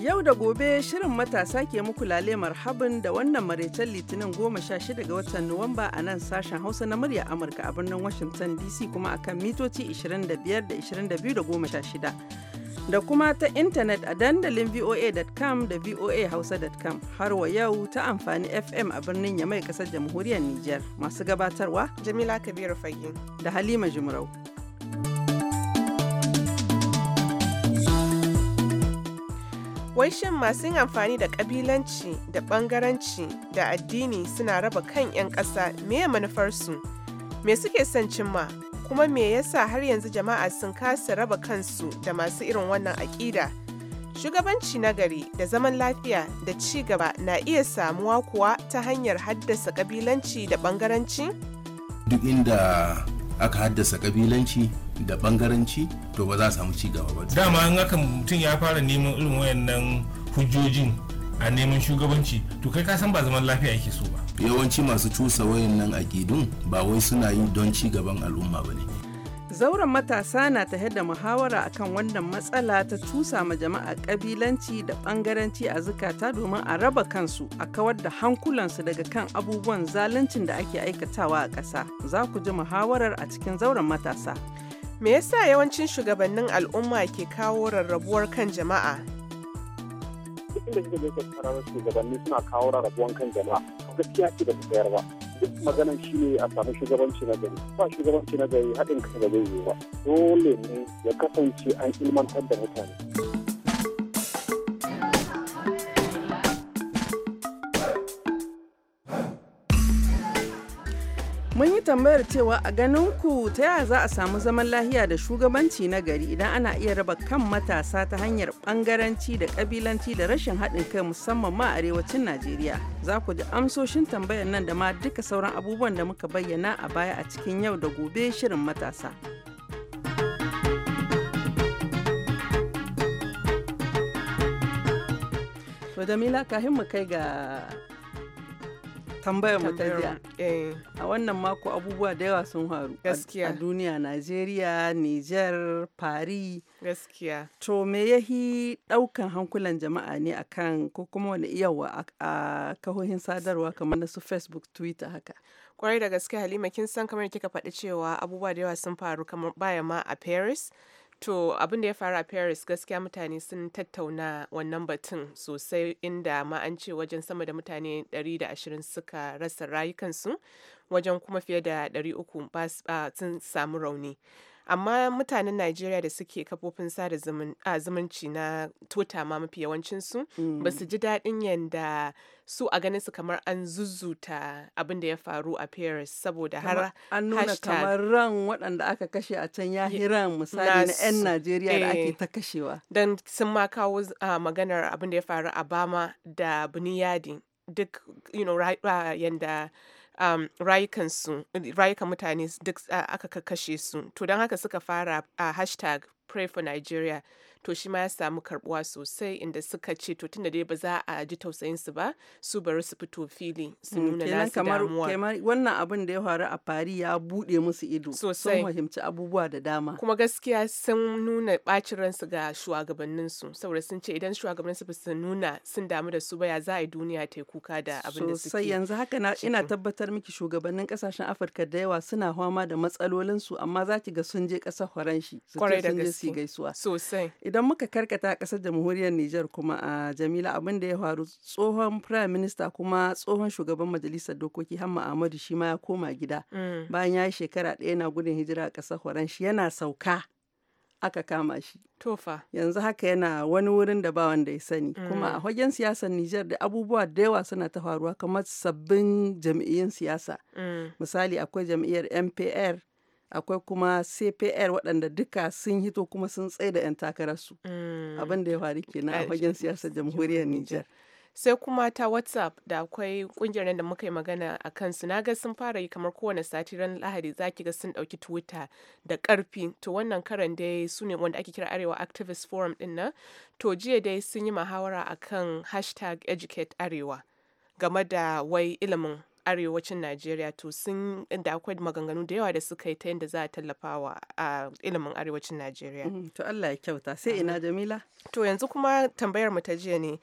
Yau da gobe shirin matasa ke muku lale marhabin da wannan maraicen litinin goma sha shida ga watan Nuwamba a nan sashen Hausa na murya Amurka a birnin Washington DC kuma akan mitoci 25 da 22 da goma sha shida. Da kuma ta intanet a dandalin voa.com da voahausa.com har wa yau ta amfani FM a birnin Yamai kasar jamhuriyar Nijar masu gabatarwa Jamila Kabiru Fage da Halima Jumrau. Wai shin masu yin amfani da ƙabilanci da ɓangaranci da addini suna raba kan 'yan ƙasa me manufarsu? Me suke son cimma? Kuma me yasa har yanzu jama'a sun kasa raba kansu da masu irin wannan aƙida? Shugabanci nagari da zaman lafiya da ci gaba na iya samuwa kuwa ta hanyar haddasa ƙabilanci da ɓangaranci? Duk inda aka haddasa ƙabilanci da bangaranci to ba za a samu cigaba ba dama an hakan mutum ya fara neman irin wayannan hujjojin a neman shugabanci to kai ka san ba zaman lafiya yake so ba yawanci masu cusa wayannan akidun ba wai suna yi don cigaban al'umma ba ne zauren matasa na ta da muhawara akan wannan matsala ta cusa ma jama'a kabilanci da bangaranci a zukata domin a raba kansu a kawar da hankulansu daga kan abubuwan zaluncin da ake aikatawa a ƙasa za ku ji muhawarar a cikin zauren matasa Me yasa yawancin shugabannin al'umma ke kawo rarrabuwar kan jama'a? Duk da da je ka shugabanni suna kawo rarrabuwar kan jama'a, gaskiya ce da tsayar ba. Duk maganan shi ne a samu shugabanci na gari. Ba shugabanci na gari haɗin kasa da zai yi ba. Dole ne ya kasance an ilmantar da mutane. tambayar cewa a ganin ku ta yaya za a samu zaman lahiya da shugabanci na gari idan ana iya raba kan matasa ta hanyar bangaranci da kabilanci da rashin haɗin kai musamman ma arewacin Najeriya. Za ku ji amsoshin tambayar nan da ma duka sauran abubuwan da muka bayyana a baya a cikin yau da gobe shirin matasa. To Jamila kahin mu kai ga tambayar mu eh, a wannan mako abubuwa da yawa sun faru a duniya Najeriya Niger fari gaskiya to me yahi daukan hankulan jama'a ne kan ko kuma wani iyawa a kahohin sadarwa kamar na su Facebook Twitter haka kwarai da gaske Halima kin san kamar kika faɗi cewa abubuwa da yawa sun faru kamar baya ma a Paris To abin da ya faru a Paris gaskiya mutane sun tattauna wannan batun sosai inda ma an ce wajen sama da mutane 120 suka rasa rayukansu wajen kuma fiye da 300 sun samu rauni. amma mutanen Najeriya da suke kafofin sada zumunci na Twitter ma mafi yawancinsu ba su mm. ji daɗin yanda su a ganin su kamar an zuzuta abin da ya faru a Paris saboda har an nuna kamar ran waɗanda aka kashe a can ya ran misali na 'yan Najeriya da ake eh. ta kashewa. Don sun ma kawo maganar abin da ya faru a Bama da Buniyadi duk you know, yanda um, rayukan mutane duk aka kashe su to don haka suka fara a hashtag Pray for Nigeria to shi ma ya samu karbuwa sosai inda suka ce to tunda dai ba za a ji tausayin su ba su bari su fito fili su mm, nuna nasu damuwa wannan abin da ya faru a fari ya bude musu ido sun fahimci abubuwa da dama kuma gaskiya sun nuna bacin ransu ga shugabannin su saboda sun ce idan shugabannin su su nuna sun damu da su ba ya za a yi duniya ta kuka da abin da suke sosai yanzu haka na ina tabbatar miki shugabannin kasashen Afirka da yawa suna fama da matsalolin su amma zaki ga sun je kasar Faranshi su sun je su gaisuwa sosai idan muka karkata kasar jamhuriyar Nijar kuma a Jamila abin da ya faru tsohon prime minister kuma tsohon shugaban majalisar dokoki Hamma Ahmadu shi ma ya koma gida mm. bayan ya yi shekara ɗaya na gudun hijira a ƙasar shi yana sauka aka kama shi. Tofa. Yanzu haka yana wani wurin da ba wanda ya sani. Kuma a mm. fagen siyasar Nijar da abubuwa da yawa suna ta faruwa kamar sabbin jam'iyyun siyasa. Mm. Misali akwai jam'iyyar MPR akwai kuma cpr waɗanda duka sun hito kuma sun tsaye da 'yan takararsu mm. abin da ya faru kenan a fagen siyasar jamhuriyar nijar sai kuma ta whatsapp da akwai kungiyar da muka yi magana a kansu na ga sun fara yi kamar kowane sati ran lahadi zaki ga sun ɗauki twitter da karfi to wannan karan dai su ne wanda ake kira arewa activist forum din nan to jiya dai sun yi muhawara akan hashtag educate arewa game da wai ilimin arewacin Najeriya to sun da akwai maganganu da yawa da suka yi ta yadda za a tallafa wa ilimin arewacin Najeriya. Mm-hmm. To Allah ya kyauta sai ina Jamila. To yanzu kuma tambayar mu ta jiya ne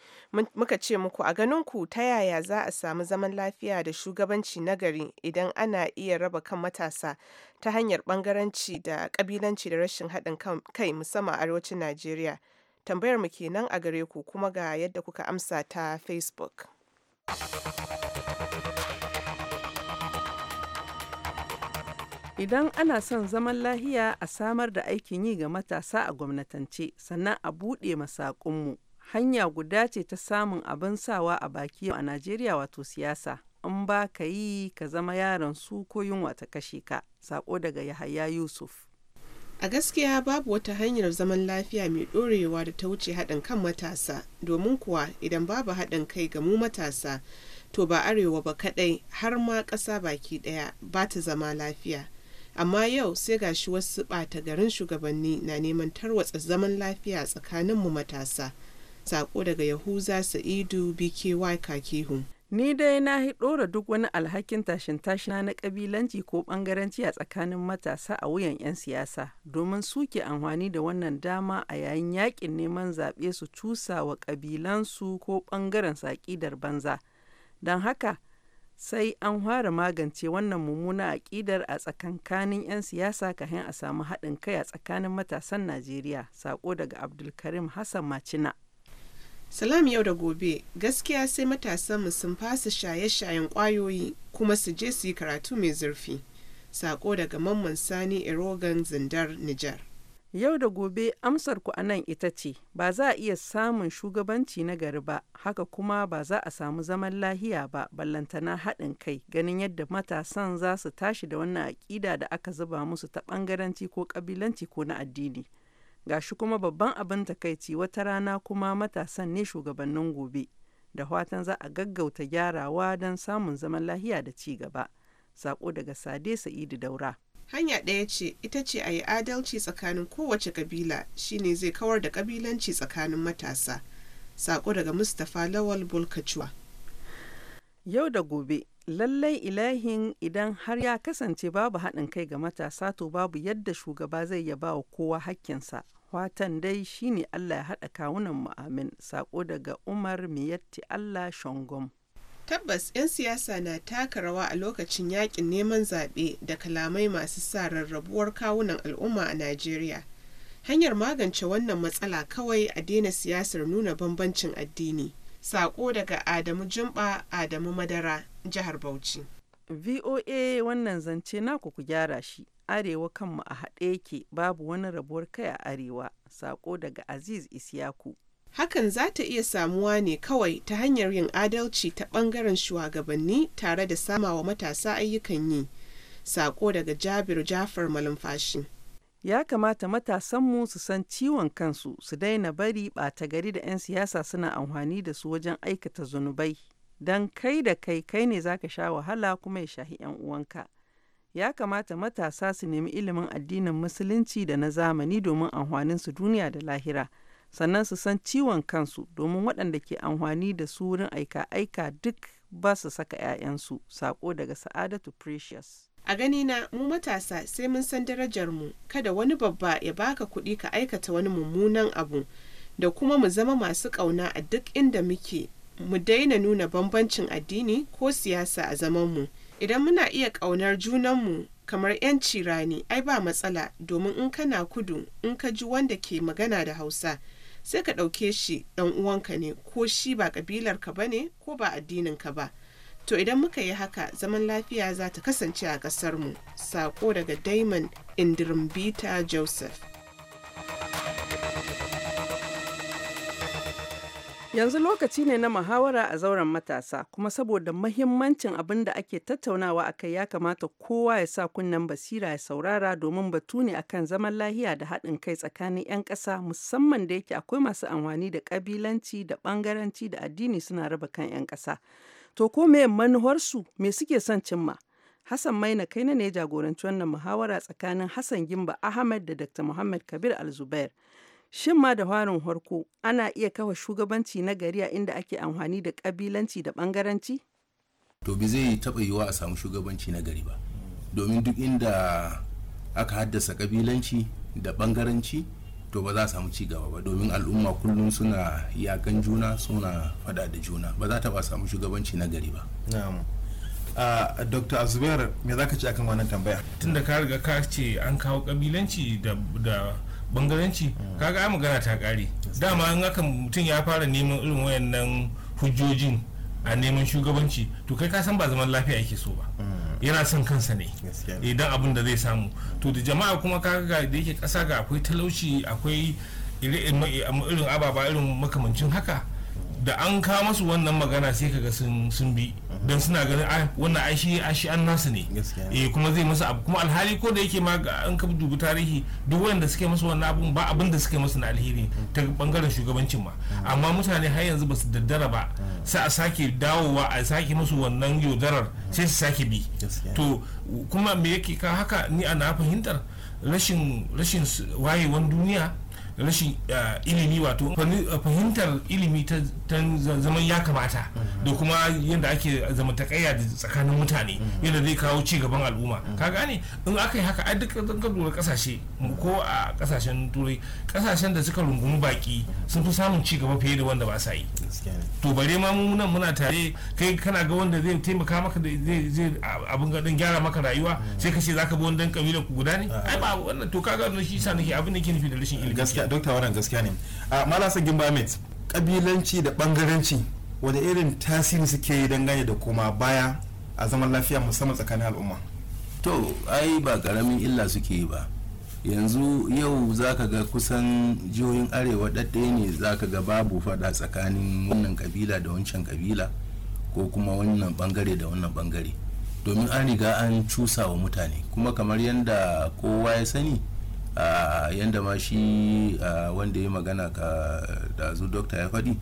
muka ce muku a ganin ku ta yaya za a samu zaman lafiya da shugabanci na gari idan ana iya raba kan matasa ta hanyar bangaranci da kabilanci da rashin haɗin kai musamman a arewacin Najeriya. Tambayar mu kenan a gare ku kuma ga yadda kuka amsa ta Facebook. Idan ana son zaman lahiya a samar da aikin yi ga matasa a gwamnatance, sannan a buɗe masakunmu. Hanya guda ce ta samun abin sawa a baki a Najeriya wato siyasa. In ba ka yi ka zama yaron su ko yunwa ta kashe ka. Sako daga Yahaya Yusuf. A gaskiya babu wata hanyar zaman lafiya mai ɗorewa da ta wuce haɗin kan matasa, domin kuwa idan babu haɗin kai ga mu matasa, to ba arewa ba kaɗai har ma ƙasa baki ɗaya ba ta zama lafiya. amma yau sai ga shi wasu ɓata garin shugabanni na neman tarwatsa zaman lafiya tsakaninmu matasa sako daga yahuza sa'idu bky kakihu ni dai na ɗora duk wani alhakin tashin tashina na ƙabilanci ko ɓangaranci a tsakanin matasa a wuyan 'yan siyasa domin su ke amfani da wannan dama a yayin yakin neman zaɓe su cusa wa ƙabilansu ko ɓangaren saƙidar banza don haka sai an fara magance wannan mummuna aƙidar a tsakankanin 'yan siyasa kafin a samu haɗin kai a tsakanin matasan Najeriya. Sako daga Abdulkarim Hassan Macina. Salam yau da gobe gaskiya sai matasan mu sun fasa shaye-shayen ƙwayoyi kuma su je su yi karatu mai zurfi. Sako daga Mamman Sani Erogan Zindar Nijar. Yau da gobe ku a nan ita ce, ba za a iya samun shugabanci na gari ba, haka kuma ba za a samu zaman lahiya ba, ballantana haɗin kai, ganin yadda matasan za su tashi da wannan aƙida da aka zuba musu ta ɓangaranci ko ƙabilanci ko na addini. ga shi kuma babban abin takaici wata rana kuma matasan ne shugabannin gobe, da fatan za a gaggauta gyarawa don samun zaman lahiya da ci gaba. Sako daga Sade Sa'idu Daura. hanya ɗaya ce ita ce a yi adalci tsakanin kowace kabila shine zai kawar da ƙabilanci tsakanin matasa sako daga mustapha lawal bulkacuwa yau da gobe lallai ilahin idan har ya kasance babu haɗin kai ga matasa to babu yadda shugaba zai ya ba wa kowa hakkinsa watan dai shine allah ya haɗa kawunan mu amin sako daga umar miyatti allah shangom Tabbas 'yan siyasa na taka rawa a lokacin yakin neman zaɓe da kalamai masu sa rarrabuwar kawunan al'umma a Najeriya. Hanyar magance wannan matsala kawai a daina siyasar nuna bambancin addini. saƙo daga Adamu Jumba Adamu Madara, Jihar Bauchi. VOA wannan zance naku ku gyara shi. Arewa kanmu a haɗe yake babu wani rabuwar kai a Arewa. saƙo daga Aziz Isiyaku. hakan za ta iya samuwa ne kawai ta hanyar yin adalci ta ɓangaren shugabanni tare da sama wa matasa ayyukan yi sako daga jabir jafar malumfashi ya kamata matasanmu su san ciwon kansu su daina bari ɓata gari da 'yan siyasa suna amfani da su wajen aikata zunubai don kai da kai kai ne zaka sha wahala kuma ya shahi 'yan uwanka ya kamata matasa su nemi ilimin addinin musulunci da na zamani domin amfaninsu duniya da lahira. sannan su san ciwon kansu domin waɗanda ke amfani da su wurin aika-aika duk ba su saka 'ya'yansu sako daga sa'adatu precious a ganina mu matasa sai mun san darajar mu kada wani babba ya baka kuɗi ka aikata wani mummunan abu da kuma mu zama masu ƙauna a duk inda muke mu daina nuna bambancin addini ko siyasa a zamanmu idan muna iya ƙaunar junanmu kamar 'yanci rani ai ba matsala domin in kana kudu in ka ji wanda ke magana da hausa sai ka ɗauke shi ɗan uwanka ne ko shi ba ƙabilarka ba ne ko ba addinin ka ba to idan muka yi haka zaman lafiya za ta kasance a ƙasar mu sako daga diamond indirimbita joseph Yanzu lokaci ne na muhawara a zauren matasa, kuma saboda mahimmancin abin da ake tattaunawa a kai ya kamata kowa ya sa kunnen basira ya saurara domin batu ne akan zaman lahiya da haɗin kai tsakanin 'yan ƙasa musamman da yake akwai masu amfani da ƙabilanci da ɓangaranci da addini suna raba kan 'yan ƙasa. To ko me manuwarsu me suke son cimma? Hassan Maina kai na ne jagoranci wannan muhawara tsakanin Hassan Gimba Ahmed da Dr. Muhammad Kabir Al-Zubair. Shin ma da farin harko ana iya kafa shugabanci na gari a inda ake amfani da kabilanci da bangaranci? To bi zai taɓa yiwa a samu shugabanci na gari ba. Domin duk inda aka haddasa kabilanci da bangaranci to ba za a samu cigaba ba domin al'umma kullum suna yakan juna suna fada da juna ba za ta ba samu shugabanci na gari ba. a dr azubair me za ka ce akan wannan tambaya tunda ka riga ka ce an kawo kabilanci da bangaranci kaga ai magana ta kare dama an haka mutum ya fara neman irin wayannan hujjojin a neman shugabanci to kai ka san ba zaman lafiya yake so ba mm. yana son kansa ne idan abin da zai samu to da jama'a kuma kaga ga da yake kasa ga akwai talauci akwai irin ababa irin makamancin haka da an kawo masu wannan magana sai kaga sun bi don suna ganin ah, wannan aishi shi an nasu ne eh kuma zai musu abu kuma alhali ko da yake ma an ka dubu tarihi duk wanda suke musu wannan abun ba abin da suke masu na alheri ta bangaren shugabancin ma mm. amma mutane har yanzu ba su daddara ba mm. sai a sake dawowa a sake musu wannan yaudarar mm. sai su sake bi to kuma me yake ka haka ni ana fahimtar rashin rashin wayewan duniya rashin eh, ilimi wato fahimtar ilimi ta zaman ya kamata da kuma yadda ake zamantakayya da tsakanin mutane yadda zai kawo ci gaban al'umma ka gane in aka yi haka a duk ka kasashe ko a kasashen turai kasashen da suka rungumi baki sun fi samun ci gaba fiye da wanda ba sa yi to bare ma mu nan muna tare kai kana ga wanda zai taimaka maka da zai abin gadin gyara maka rayuwa sai ka ce zaka bi wanda kabilar ku guda ne ai ba wannan to kaga wannan shi sa nake abin da ke nufi da rashin ilimi don tawaran gaskiya ne a sagin gimba kabilanci da bangaranci wanda irin tasiri suke yi dangane da koma baya a zaman lafiya musamman tsakanin al'umma to ai ba karamin illa suke yi ba yanzu yau za ka ga kusan jihohin arewa ɗaɗɗe ne za ka ga babu fada tsakanin wannan kabila da wancan kabila ko kuma wannan bangare da wannan bangare domin an riga an cusa wa mutane kuma kamar yadda kowa ya sani yadda ma shi wanda ya magana ka da zu dokta ya faɗi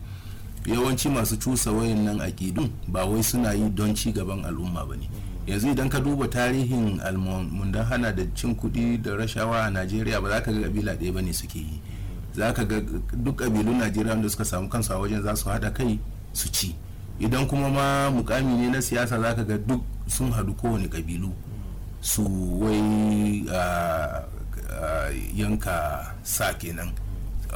yawanci masu cusa wayan nan aƙidun ba wai suna yi don ci gaban al'umma ba ne yanzu idan ka duba tarihin almundan hana da cin kuɗi da rashawa a najeriya ba za ka ga kabila ɗaya ba ne suke yi za ka ga duk ƙabilun najeriya wanda suka samu kansu a wajen za su haɗa kai su ci idan kuma ma mukami ne na siyasa za ka ga duk sun haɗu kowane kabilu su wai yanka sa kenan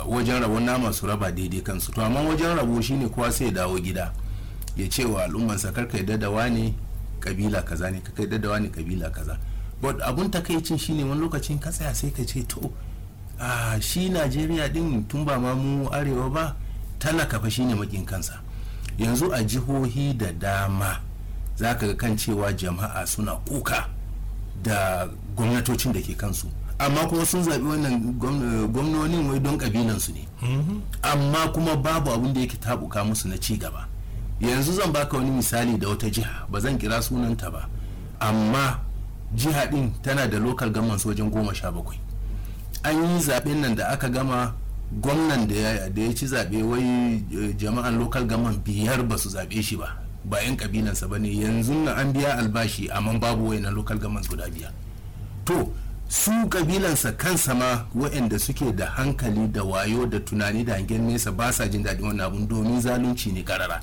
wajen rabon nama su raba daidai kansu to amma wajen rabo shine kowa sai ya dawo gida ya ce wa al'ummansa karka yadda da wani kabila kaza ne karka yadda da wani kabila kaza but abun takaicin shine wani lokacin ka tsaya sai ka ce to a shi najeriya din tun ba ma mu arewa ba talaka fa shine makin kansa yanzu a jihohi da dama za ka ga kan cewa jama'a suna kuka da gwamnatocin da ke kansu amma kuma sun zaɓi wannan gwamnoni wai don ƙabilansu ne amma kuma babu abin da yake tabuka musu na ci gaba yanzu zan baka wani misali da wata jiha ba zan kira sunanta ba amma jiha ɗin tana da lokal gaman wajen goma sha bakwai an yi zaɓen nan da aka gama gwamnan da ya ci zaɓe wai eh, jama'an lokal gaman biyar ba su zaɓe shi ba ba 'yan kabilansa ba ne yanzu na an biya albashi amma babu wai na lokal gaman guda biya to su kabilansa kansa ma waɗanda suke da hankali da wayo da tunani da hangen nesa ba sa jin daɗin wannan abun domin zalunci ne karara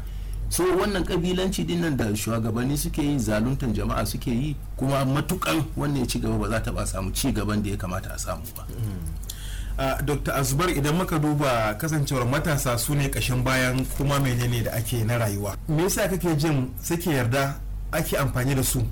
so wannan kabilanci din nan da shugabanni suke yi zaluntan jama'a suke yi kuma matukan wannan ci gaba ba za ta ba samu ci gaban da ya kamata a samu ba mm. ah, dr azubar idan muka duba kasancewar matasa su ne kashin bayan kuma menene da ake na rayuwa me yasa kake jin suke yarda ake amfani da su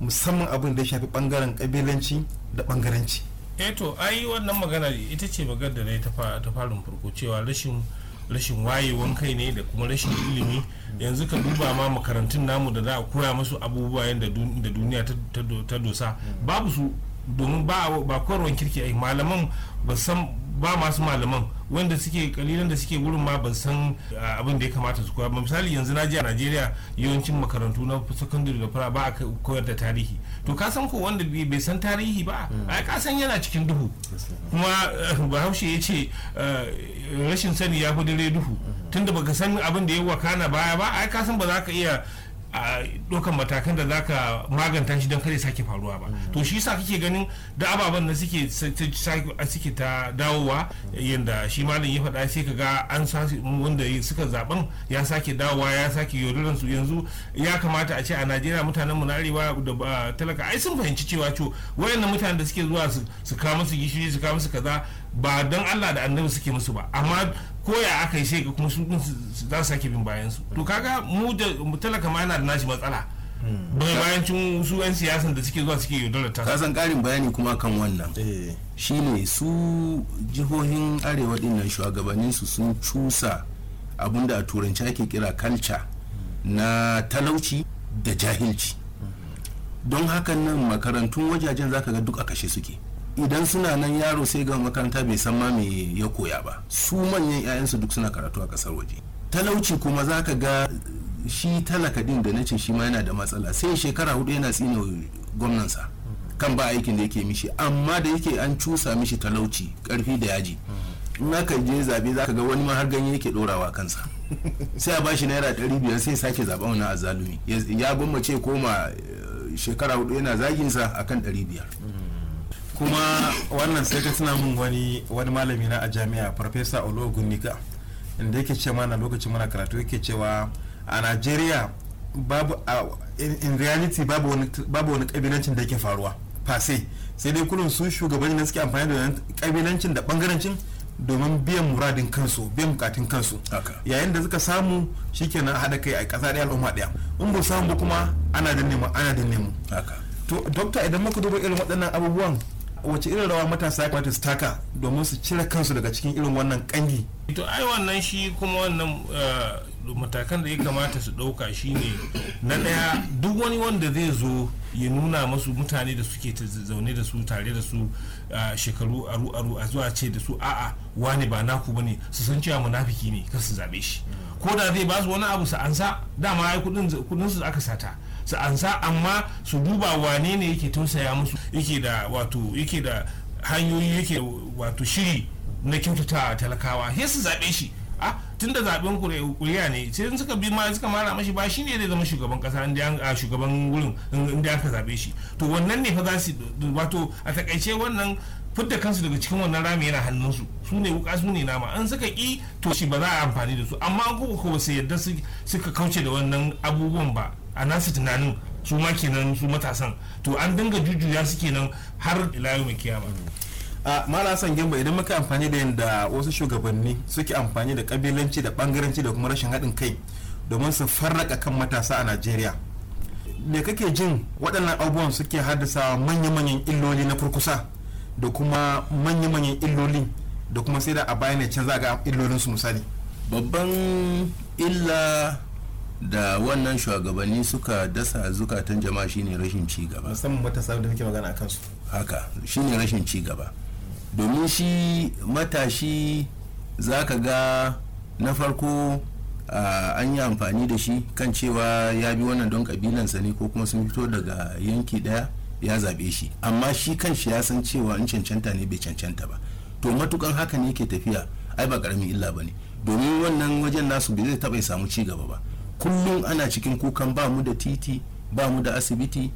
musamman abin da ya shafi bangaren kabilanci da bangaranci eto eh ai wannan magana ita ce magana da na yi ta farin farko cewa rashin rashin wayewan kai ne da kuma rashin ilimi yanzu ka duba ma makarantun namu da za a koya musu abubuwa yadda duniya ta dosa babu su domin ba koyarwan kirki ai malaman ba san ba masu malaman wanda suke kalilan da suke wurin ma ban san ah, abin da ya kamata su koya ba misali yanzu na je a Najeriya yawancin makarantu na secondary da fara ba a koyar da tarihi to ka san ko wanda bai san tarihi ba mm. a ka san yana cikin duhu kuma eh, bahaushe ya ce eh, rashin sani ya fi dare duhu mm. tunda baka san abin da ya wakana baya ba a ka san ba za ka iya a dokan matakan da zaka maganta shi don kare sake faruwa ba mm. to shi yasa kake ganin da ababen da suke suke ta dawowa yanda shi malam ya faɗa sai kaga an wanda suka zaben ya sake dawowa ya sake yoduran su yanzu ya kamata a ce a Najeriya mutanen mu na arewa da talaka ai sun fahimci cewa to wayannan mutanen da suke zuwa su kawo musu gishiri su kawo musu kaza ba don Allah da annabi suke musu ba amma koya aka yi sai ga kuma su za su sake bin bayan su to kaga mu da talaka ma yana da nashi matsala hmm. bai bayan cin su yan siyasan da suke zuwa suke yaudarar ta kasan karin bayani kuma kan wannan eh. shine su jihohin arewa din nan shugabannin su sun cusa abinda a turanci ake kira kalca na talauci da jahilci hmm. don hakan nan makarantun wajajen zaka ga duk a kashe suke idan suna nan yaro sai ga makaranta bai san ma me ya koya ba su manyan 'ya'yansu duk suna karatu a kasar waje talauci kuma za ka ga shi talaka din da nace shi ma yana da matsala sai shekara hudu yana tsine gwamnansa kan ba aikin da yake mishi amma da yake an cusa mishi talauci karfi da yaji in aka je zabe za ka ga wani ma har ganye yake dorawa kansa sai a bashi naira ɗari biyar sai sake zaɓa wani azalumi ya gwammace koma eh, shekara hudu yana zaginsa akan ɗari biyar kuma wannan sai ka tuna mun wani wani malami na a jami'a farfesa ologun nika inda yake ce mana lokacin muna karatu yake cewa a najeriya babu in reality babu wani kabilancin da yake faruwa fase sai dai kullum su shugabanni na suke amfani da kabilancin da bangarancin domin biyan muradin kansu biyan bukatun kansu yayin da suka samu shikenan haɗa kai a ƙasa ɗaya al'umma ɗaya in ba samu kuma ana da nemo ana da nemo to dokta idan muka duba irin waɗannan abubuwan wace irin rawa matasa ya kamata su taka domin su cire kansu daga cikin irin wannan kangi to ai wannan shi kuma wannan eh, matakan da ya kamata su ɗauka shine na ɗaya duk wani wanda zai zo ya nuna masu mutane da suke zaune da su tare da su eh, shekaru aru aru a zuwa ce da su a'a wani ba naku bane su san cewa munafiki ne kar su zabe shi ko da zai ba su wani abu sa ansa dama ai kudin kudin su aka sata su ansa amma su duba wane ne yake tausaya musu yake da wato yake da hanyoyi yake wato shiri na kyautata talakawa sai su zaɓe shi a ah, tun da zaben kuriya ne sai suka bi ma suka mara mashi ba shi ne zai zama shugaban kasa a shugaban wurin inda aka zabe shi to wannan ne fa za su wato a takaice wannan fudda kansu daga cikin wannan rami yana hannunsu su ne wuka su ne nama an suka ki to shi ba za a amfani da su amma ko ko sai yadda suka kauce da wannan abubuwan ba a nasu tunanin su ma kenan su matasan to an dinga jujjuya su kenan har ilayu yau mai kiyama a mara san gimba idan muka amfani da yadda wasu shugabanni suke amfani da kabilanci da bangaranci da kuma rashin haɗin kai domin su farraka kan matasa a najeriya me kake jin waɗannan abubuwan suke haddasa manya-manyan illoli na kurkusa da kuma manya-manyan illoli da kuma sai da a bayan canza ga illolinsu su misali babban illa da wannan shugabanni suka dasa zukatan jama'a shine rashin ci gaba musamman matasa da muke magana akan su haka shine rashin ci gaba domin shi matashi zaka ga na farko an yi amfani da shi kan cewa ya bi wannan don sa ne ko kuma sun fito daga yanki daya ya zabe shi amma shi kan shi ya san cewa in cancanta ne bai cancanta ba to matukan haka ne ke tafiya ai ba karamin illa ba ne domin wannan wajen nasu bai zai taɓa samu ci gaba ba kullum ana cikin kukan ba mu da titi ba mu da asibiti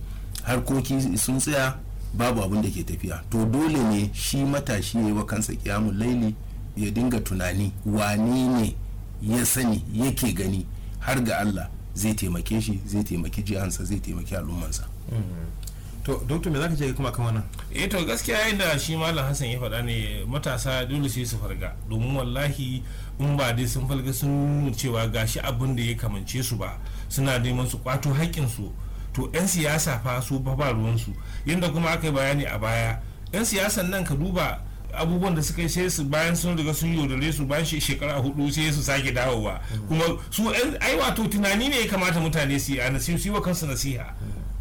harkoki sun tsaya babu abin da ke tafiya to dole ne shi matashi ya yi wa kansa kiyamun laili ya dinga tunani wane ne ya sani yake gani har ga Allah zai taimake shi zai taimaki jihansa zai taimaki al'ummansa mm-hmm. to doctor me zaka ce kuma kan wannan eh to gaskiya yayin da shi malam hassan ya faɗa ne matasa dole sai su farga domin wallahi in ba dai sun falga sun cewa gashi abin da ya kamance su ba suna neman su kwato haƙƙin su to 'yan siyasa fa su ba ba ruwansu yanda kuma aka yi bayani a baya 'yan siyasan nan ka duba abubuwan da suka sai su bayan sun riga sun yaudare su bayan shekara hudu sai su sake dawowa mm. kuma su ai wato tunani ne ya kamata mutane su yi a nasiha su yi wa kansu nasiha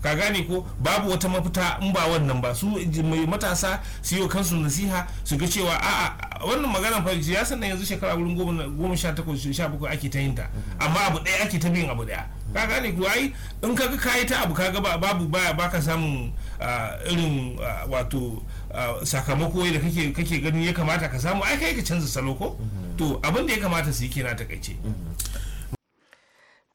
ka gane ko babu wata mafita in ba wannan ba su mai matasa su yi kansu nasiha su ga cewa a'a wannan maganar fa ya san yanzu shekara wurin goma sha takwas sha bakwai ake ta yin ta amma abu ɗaya ake ta bin abu ɗaya ka gane ko ai in ka ga kayi ta abu kaga babu baya baka samun irin wato sakamako da kake kake ganin ya kamata ka samu ai kai ka canza salo ko to abin da ya kamata su yi kenan takaice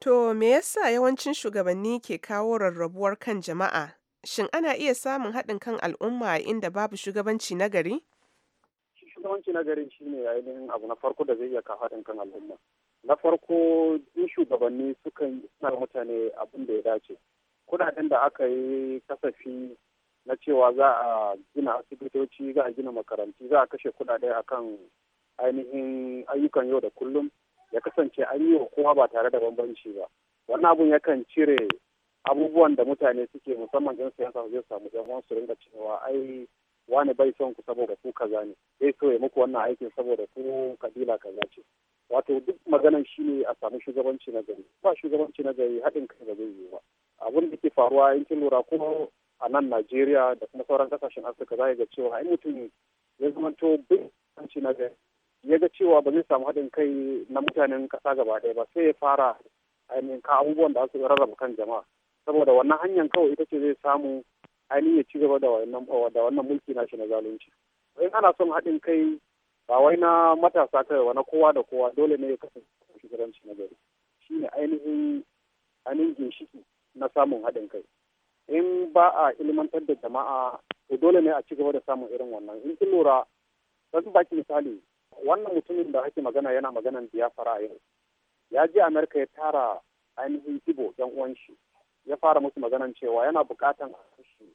To me yasa yawancin shugabanni ke kawo rarrabuwar kan jama'a? Shin ana iya samun haɗin kan al'umma a inda babu shugabanci nagari? Shi Shugabanci nagari shi ne ainihin abu na farko da zai iya kawo haɗin kan al'umma. Na farko in shugabanni sukan sanar mutane abin da ya dace. Kudaden da aka yi kasafi na cewa za a gina asibitoci, za a gina makaranti, za a kashe kudade akan ainihin ayyukan yau da kullum. ya kasance an yi wa kowa ba tare da bambanci ba wannan abun yakan cire abubuwan da mutane suke musamman yan siyasa zai samu yan wasu ringa cewa ai wani bai son ku saboda ku kaza ne zai so ya muku wannan aikin saboda ku kabila kaza ce wato duk maganan shi ne a samu shugabanci na gari ba shugabanci na gari haɗin kai ba zai yi ba abun da ke faruwa yankin lura ko a nan Najeriya da kuma sauran kasashen Afirka za ga cewa ai mutum ya zama to bai na gari ya ga cewa ba zai samu haɗin kai na mutanen ƙasa gaba ɗaya ba sai ya fara ainihin ka abubuwan da aka rarraba kan jama'a saboda wannan hanyar kawai ita ce zai samu ainihin ya ci gaba da wannan mulki nashi na zalunci in ana son haɗin kai ba wai na matasa kai wa na kowa da kowa dole ne ya kasance shugabanci na gari shi ne ainihin ainihin ginshiki na samun haɗin kai in ba a ilimantar da jama'a to dole ne a ci gaba da samun irin wannan in kin lura wasu baki misali wannan mutumin da ake magana yana maganan biyafara a yau ya ji amerika ya tara ainihin ibo yan uwan shi ya fara musu maganan cewa yana bukatan shi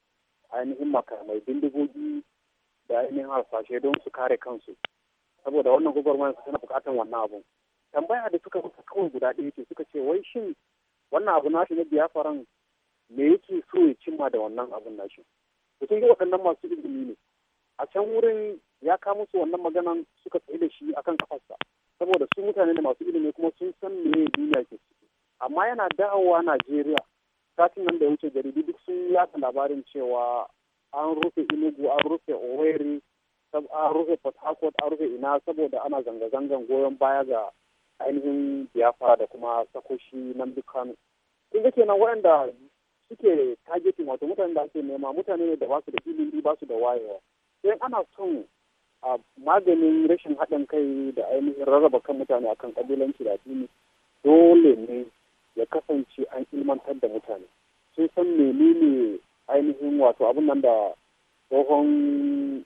ainihin makamai bindigogi da ainihin harsashe don su kare kansu saboda wannan gwagwarmayar tana bukatan wannan abun tambaya da suka masa kawai guda ɗaya ce suka ce wai shin wannan abu nashi na biyafaran me yake so ya cimma da wannan abun nashi shi sun ga waɗannan masu ilimi ne a can wurin ya kamo su wannan maganan suka tsaye da shi akan kafarsa saboda su mutane da masu ilimi kuma sun san me duniya ke ciki amma yana dawowa Najeriya satin nan da wuce jaridu duk sun yada labarin cewa an rufe inugu an rufe Owerri an rufe Port Harcourt an rufe ina saboda ana zanga-zangan goyon baya ga ainihin biafra da kuma sakoshi nan duk Kano kun ga kenan waɗanda suke targeting wato mutanen da ake nema mutane ne da basu da ilimi ba su da wayewa sai ana son a maganin rashin haɗin kai da ainihin rarraba kan mutane akan kabilanci da addini dole ne ya kasance an ilmantar da mutane sun san menene ainihin wato abin nan da tsohon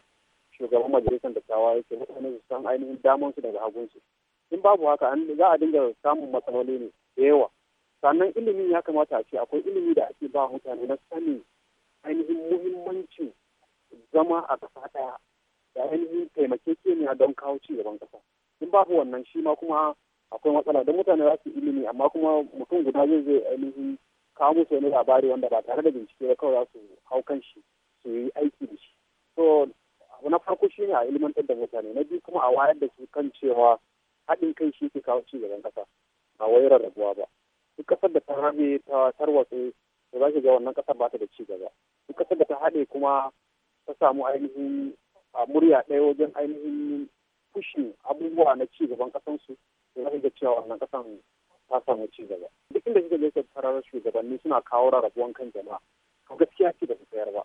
shugaban majalisar da dattawa yake mutane su san ainihin damansu daga su in babu haka za a dinga samun matsaloli ne da yawa sannan ilimin ya kamata a ce akwai ilimi da ake ba mutane na sanin ainihin muhimmancin zama a ƙasa ɗaya da ainihin taimakekeniya don kawo ci gaban ƙasa in babu wannan shi ma kuma akwai matsala don mutane za su ilimi amma kuma mutum guda zai zai ainihin kawo musu wani labari wanda ba tare da bincike ba kawai za su hau kan shi su yi aiki da shi so abu na farko shi ne a ilimantar da mutane na biyu kuma a wayar da su kan cewa haɗin kai shi ke kawo ci gaban ƙasa ba wai rarrabuwa ba duk ƙasar da ta rame ta tarwatse to za ki ga wannan ƙasar ba ta da ci gaba duk ƙasar da ta haɗe kuma ta samu ainihin murya ɗaya wajen ainihin fushin abubuwa na ci gaban ƙasansu da zai ga cewa wannan ƙasan ta samu ci gaba duk inda kika je tarar shugabanni suna kawo rarrabuwan kan jama'a to gaskiya ce da su tsayar ba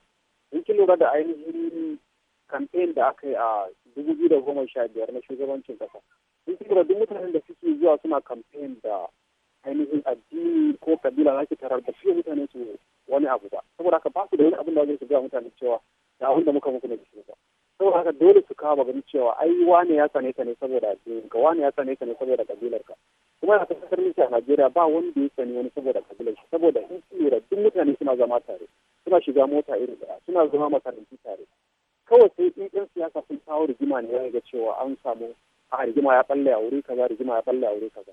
in kin lura da ainihin kamfen da aka yi a dubu biyu da goma sha biyar na shugabancin ƙasa in kin lura duk mutanen da suke zuwa suna kamfen da ainihin addini ko kabila za ki tarar da fiye mutane su wani abu ba saboda haka ba su da wani abin da zai su gaya mutane cewa da abin da muka muku da shi ba saboda haka dole su kama ganin cewa ai wane ya sane ka ne saboda addinin ka wane ya sane ka ne saboda kabilar ka kuma a kasar miki a Najeriya ba wanda ya sani wani saboda kabilar shi saboda in su lura duk mutane suna zama tare suna shiga mota irin da suna zama makarantu tare kawai sai in yan siyasa sun kawo rigima ne ya ga cewa an samu a rigima ya ɓalle a wuri kaza rigima ya ɓalle a wuri kaza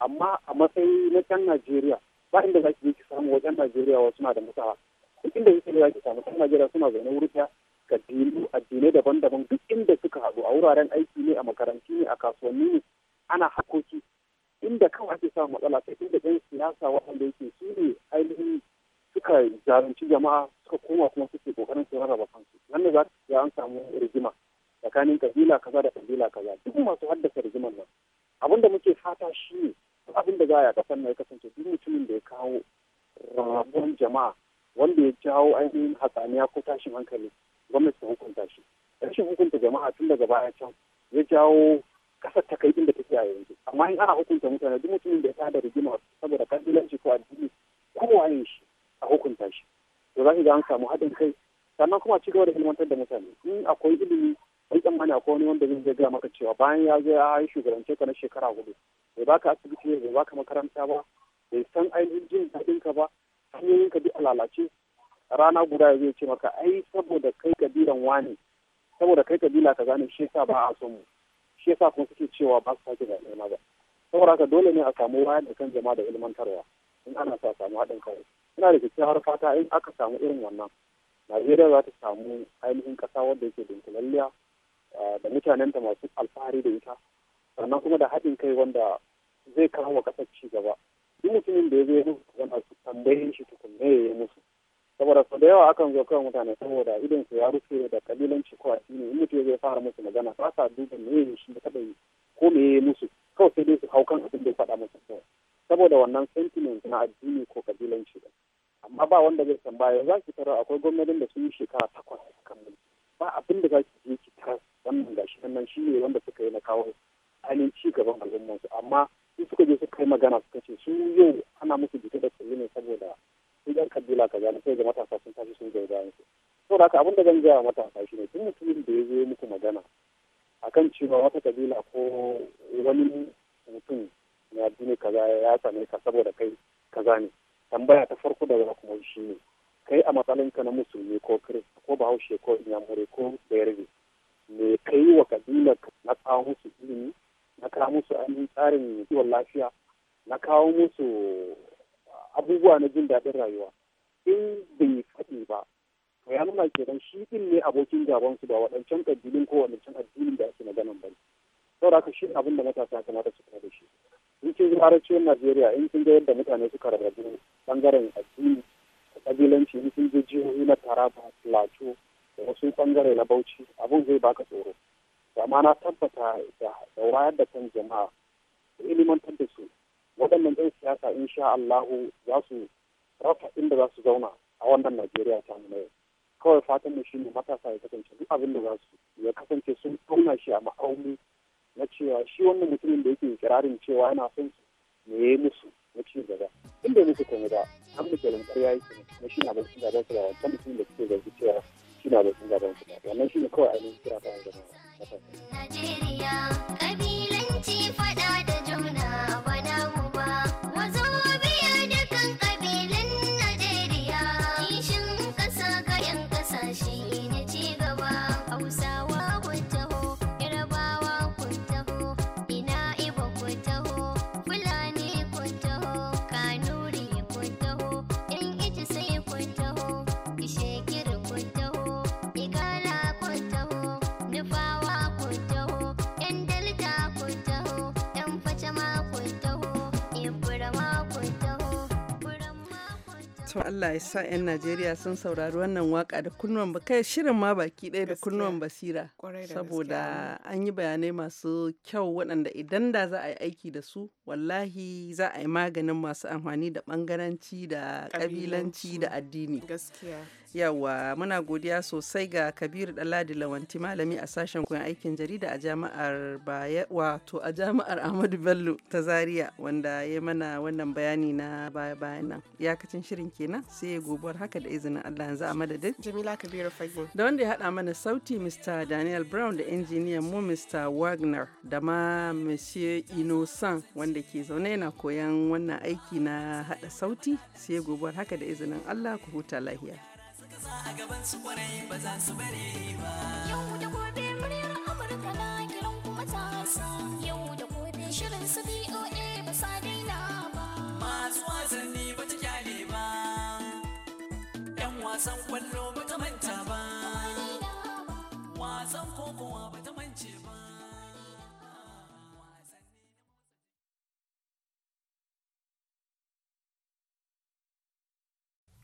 amma a matsayi na can Najeriya ba inda za ki je ki samu wajen Najeriya wasu na da matsala duk inda yake ne samu kan Najeriya suna zaune wuri ga dinu addinai daban-daban duk inda suka haɗu a wuraren aiki ne a makarantu ne a kasuwanni ne ana hakoki inda kawai ake samun matsala sai inda ɗan siyasa waɗanda yake su ne ainihin suka zalunci jama'a suka koma kuma suke kokarin su rarraba kansu nan ne za ka ga an samu rigima tsakanin kabila kaza da kabila kaza duk masu haddasa rigimar nan abinda muke fata shi ne abinda za a yi a ƙasar na ya kasance duk mutumin da ya kawo ragon jama'a wanda ya jawo ainihin hatsaniya ko tashin hankali gwamnati ta hukunta shi rashin hukunta jama'a tun daga baya can ya jawo kasar ta kai inda take a yanzu amma in ana hukunta mutane duk mutumin da ya tada rigima saboda kabilanci ko addini kowa yin shi a hukunta shi to za ki ga an samu haɗin kai sannan kuma ci gaba da ilmantar da mutane in akwai ilimi ai tsammani akwai wani wanda zai gaya maka cewa bayan ya zo ya shugabance ka na shekara hudu bai baka asibiti bai baka makaranta ba bai san ainihin jin daɗin ka ba hanyoyin ka duk a lalace rana guda ya zai ce maka ai saboda kai kabilan wani saboda kai kabila ka gane shi yasa ba a so mu shi yasa kuma suke cewa ba su sake zaɓe maza saboda haka dole ne a samu wayar da kan jama'a da ilmantarwa in ana sa samu haɗin kai ina da kyakkyawar fata in aka samu irin wannan najeriya za ta samu ainihin ƙasa wanda yake dunkulalliya da mutanenta masu alfahari da ita sannan kuma da haɗin kai wanda zai kawo wa ƙasar ci gaba duk mutumin da ya zo ya musu magana su tambaye shi tukunne ya yi musu saboda sau da yawa akan zo kawai mutane saboda idan su ya rufe da kabilanci ko ne in mutum zai fara musu magana ba sa duba me ya shi da kaɗai ko me ya musu kawai sai dai su hau kan abin da ya faɗa musu kawai saboda wannan sentiment na addini ko kabilanci shi amma ba wanda zai san baya za ki tarar akwai gwamnatin da sun yi shekara takwas kan ba abin da za ki je ki tarar wannan gashi nan shi ne wanda suka yi na kawo ainihin ci gaban al'ummarsu amma su suka je suka yi magana suka ce su yau ana musu jita da kulli ne saboda su yan kabila ka na sai ga matasa sun tashi sun gaida bayan su da haka abin da zan gaya matasa shi ne tun mutumin da ya zo muku magana akan cewa wata kabila ko wani mutum na addini kaza ya same ka saboda kai kaza ne tambaya ta farko da za kuma shi ne kai a matsayinka na musulmi ko kirista ko bahaushe ko inyamure ko bayarbe me kai wa kabilar na tsawon su ilimi na kawo musu ainihin tsarin kiwon lafiya na kawo musu abubuwa na jin daɗin rayuwa in bai faɗi ba to ya nuna kenan shi din ne abokin gaban su ba waɗancan kabilun ko waɗancan addinin da ake maganan ba saboda haka shi abin da matasa kamata su kula da shi in kin zuwa arewacin Najeriya in kin ga yadda mutane suka rarrabu bangaren addini da kabilanci in kin je jihohi na Taraba, Plateau da wasu bangare na Bauchi abun zai baka tsoro amma na tabbata da wayar da kan jama'a da ilimantar da su waɗannan ɗan siyasa in sha Allahu za su rafa inda za su zauna a wannan Najeriya ta na yau. Kawai fatan mu shine matasa ya kasance duk abin da za su ya kasance sun tauna shi a ma'auni na cewa shi wannan mutumin da yake kirarin cewa yana son su me ya musu na ci gaba. Inda musu kuma da an mu jalin ƙarya yake kuma shi na bakin gaban su da wancan mutumin da suke zargi cewa shi na bakin gaban su da wannan shi ne kawai ainihin kira ta yanzu. Nigeria, To Allah ya sa 'yan Najeriya sun saurari wannan waka da kunnuwan kai shirin ma baki ɗaya da kunnuwan basira. Saboda an yi bayanai masu kyau waɗanda idan da za a yi aiki da su wallahi za a yi maganin masu amfani da ɓangaranci da ƙabilanci da addini. Gaskiya. yawa muna godiya sosai ga kabir daladi lawanti malami a sashen koyon aikin jarida a jami'ar baya wato a jami'ar ahmadu bello ta zaria wanda ya mana wannan bayani na baya bayan nan iyakacin shirin kenan sai gobuwar haka da izinin allah yanzu a madadin jamila kabiru fagin da wanda ya hada mana sauti mr daniel brown da injiniyan mu mr wagner da ma monsieur innocent wanda ke zaune yana koyan wannan aiki na hada sauti sai gobuwar haka da izinin allah ku huta lahiya Za a gaban su kwarai ba za su bari ba yau da gobe muryar amurka na kiran kuma tasa yau da gobe shirin su boa ba sa daina ba masu wasanni ba ta kyale ba yan wasan kwallo ba ta manta ba wasan kokowa ba ta mance ba